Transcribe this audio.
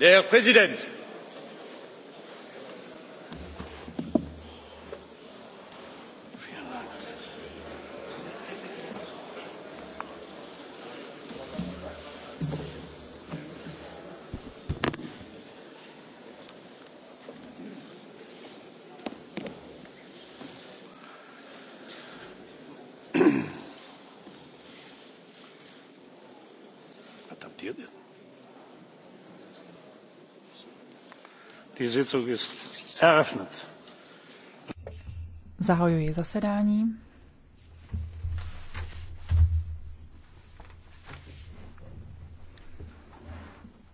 herr präsident! adaptiert werden. zahajuji zasedání.